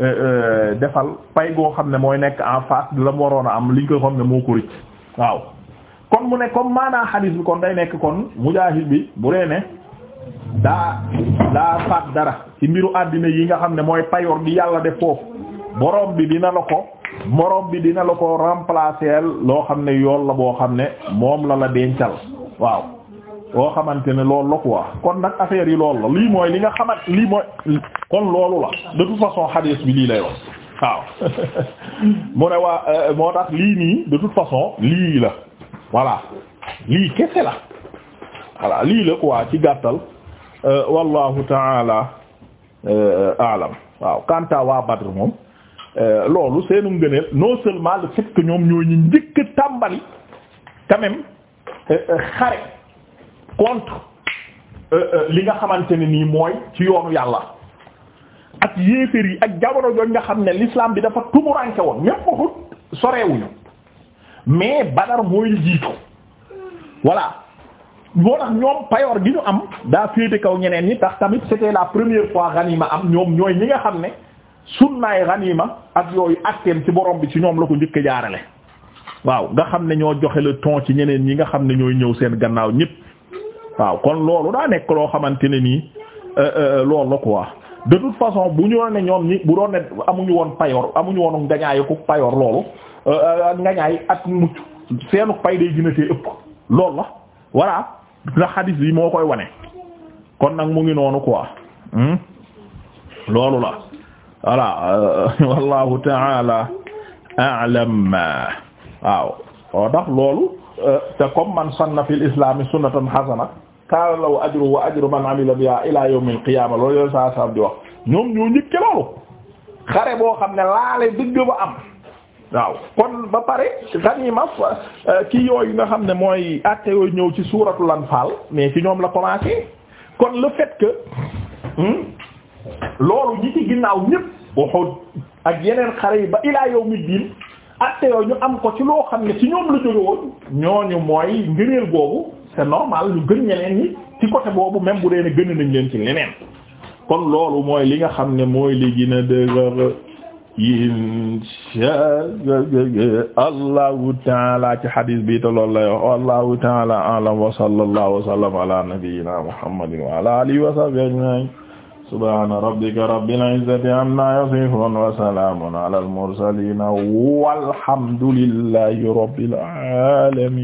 euh, euh, defal pay goo xam ne mooy nekk en face di la mu waroon a am liñ ko xam ne moo ko rëcc waaw kon mu ne comme maanaa xadiis bi kon day nekk kon mujaahid bi bu dee ne daa daa faat dara ci mbiru àddina yi nga xam ne mooy payoor bi yàlla def foofu borom bi dina la ko borom bi dina la ko remplacer loo xam ne yoon la boo xam ne moom la la dencal waaw boo xamante ne loolu la quoi kon nag affaire yi loolu la lii mooy li nga xamante lii mooy kon loolu la de toute façon xadiis bi lii lay wax waaw mu ne waa euh, moo tax lii nii de toute façon lii la voilà lii kese la voilà lii la quoi ci gàttal Euh, wallahu taala euh, alam waaw kantaa waa Badr moom euh, loolu seenum gëneel non seulement le fait ñoom ñoo ñu njëkk tàmbali quand même xare contre li nga xamante ne nii mooy ci yoonu yàlla ak yéeféer yi ak jamono jooñ nga xam ne l'islam bi dafa tumuranke woon même waxut sorewuñu mais Badar mooy jiitu voilà moo tax ñoom payoor gi ñu am daa féete kaw ñeneen ñi tax tamit c'était la première fois ganima am ñoom ñooy ñi nga xam ne sunnaay ganima ak yooyu acteem ci borom bi ci ñoom la ko njëkk jaarale waaw nga xam ne ñoo joxe la ton ci ñeneen ñi nga xam ne ñooy ñëw seen gannaaw ñépp waaw kon loolu daa nekk loo xamante ne nii euh, euh, loolu la quoi de toute façon bu ñu ne ñoom ñi bu doon ne amuñu woon payoor amuñu woon ngañaayu ku payoor loolu euh, ngañaay at mucc pay day gën a tee la ndax xadis bi moo koy wane kon nag mu ngi noonu quoi hmm? loolu la voilà wallahu taala a'lam waaw oo tax loolu te comme man sanna fil islami sunnatan hasana kaana lahu ajru wa ajru man amila biha ila yawmil qiyamah loolu yooyu saa saa di wax ñoom ñoo njëkke loolu xare boo xam ne laale dëgg ba am waaw kon ba pare ganima euh, ki yooyu nga xam ne mooy àtte yooyu ñëw ci suuratul anfaal mais ci ñoom la commencé kon le fait que hmm, loolu ñi ci ginnaaw ñépp Uhud ak yeneen xare yi ba ilaa yawmi diin àtte yooyu ñu am ko ci loo xam ne ci ñoom la jóge woon ñooñu mooy ngëneel boobu c'est normal ñu gën ñeneen ñi ci côté boobu même bu dee ne gën nañ leen ci leneen kon loolu mooy li nga xam ne mooy li gin a dëgër insha allahu taala ci xadis bi te loolu lay wax wallahu taala alam wa sallallahu wa sallam ala nabiyyina muhammadin wa ala alihi wa sahbihi ajma'in subhana rabbika rabbil izzati amma yasifun wa salamun ala al mursalin walhamdulillahi rabbil alamin